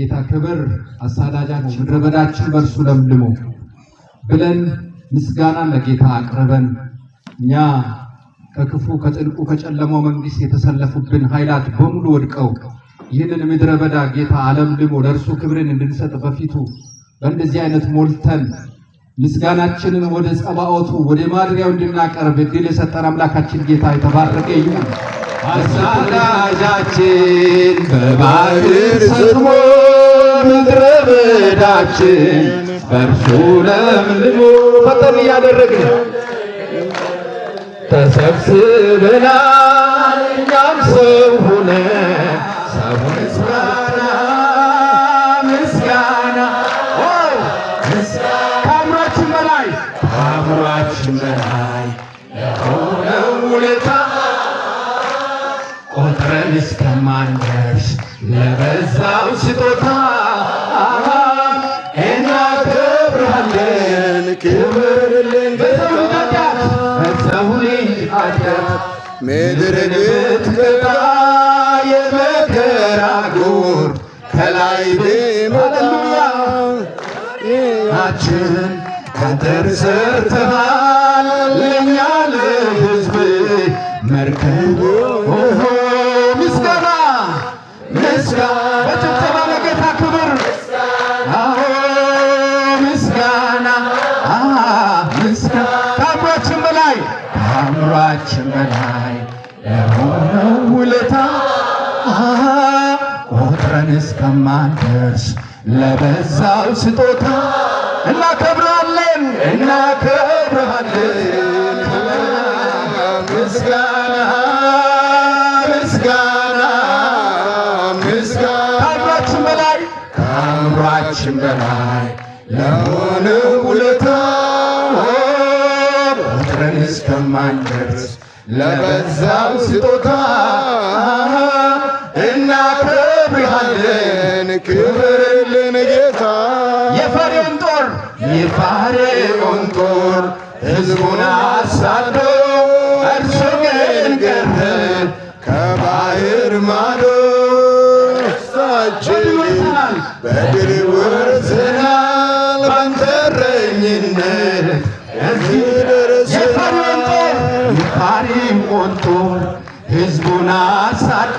የጌታ ክብር አሳዳጃችን ምድረ በዳችን በእርሱ ለምልሞ ብለን ምስጋና ለጌታ አቅርበን እኛ ከክፉ ከጥልቁ ከጨለማው መንግስት የተሰለፉብን ኃይላት በሙሉ ወድቀው ይህንን ምድረ በዳ ጌታ አለምልሞ ለእርሱ ክብርን እንድንሰጥ በፊቱ በእንደዚህ አይነት ሞልተን ምስጋናችንን ወደ ጸባዖቱ ወደ ማደሪያው እንድናቀርብ እድል የሰጠን አምላካችን ጌታ የተባረቀ ይሁን። አሳዳጃችን በባህር ሰጥሞ ምድረ በዳችን በእርሱ ለምልሞ ፈጠን እያደረግን ተሰብስበናል እኛም ሰው ሆነ ሰው ምስጋና ምስጋና ከአእምሯችን በላይ ከአእምሯችን በላይ ለሆነው ውለታ ፈጥረን እስከማንደርስ ለበዛው ስጦታ እናከብራለን። ክብርልን በሰውታት በሰው ልጅ ኃጢአት ምድር ብትገባ የመከራ ጉር ከላይ ብመለያ ችን ከአጥር ሰርተሃል ለእኛ ለሕዝብ መርከብ ከክብራችን በላይ ለሆነው ውለታ ቆጥረን እስከማንደርስ ለበዛው ስጦታ እናከብራለን እናከብራለን። ምስጋና ምስጋና ምስጋና ከአእምሯችን በላይ ከአእምሯችን በላይ ለሆነው ለበዛው ስጦታ እናከብርሃለን። ክብርልን ጌታ የፈርዖን ጦር የፈርዖን ጦር ሕዝቡን አሳዶ እርሱ ግን ቀረ ከባሕር ማዶ ስታችን በድል ወርሰን ሕዝቡን አሳቶ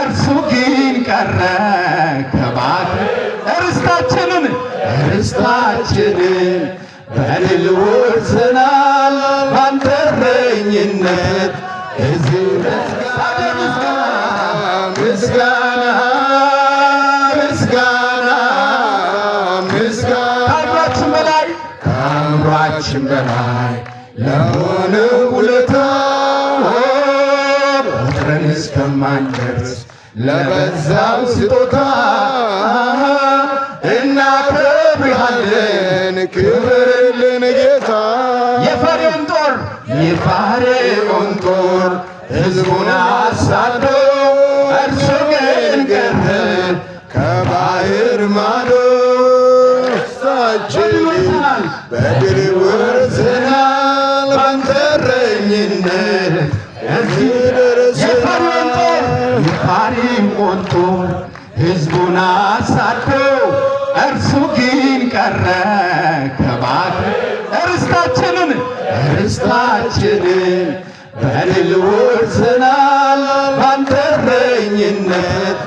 እርሱ ግን ቀረ ከባክ ርስታችንን እርስታችንን በድል ወርሰናል ባንተ እረኝነት እዚህ ምስጋና ምስጋና ምስጋና ከአእምሯችን በላይ ከአእምሯችን በላይ ለሆነ ውለታ እስከማንደርስ ለበዛው ስጦታ እናከብርሃለን። ክብርልን ጌታ የፈርዖን ጦር የፈርዖን ጦር ሕዝቡን አሳደው እርሱ ግን ቀረ ከባሕር ማዶ ሳችን በድር ቁጡ ሕዝቡን አሳቶ እርሱ ግን ቀረ ከባክ እርስታችንን እርስታችንን በድል ወርሰናል ባንተ እረኝነት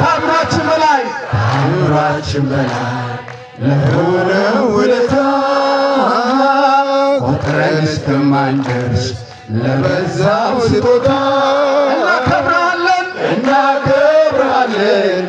ታምራችን በላይ ለሆነ ውለ አብረን እስከማንደርስ ለበዛው ስጦታ እናከብራለን እናከብራለን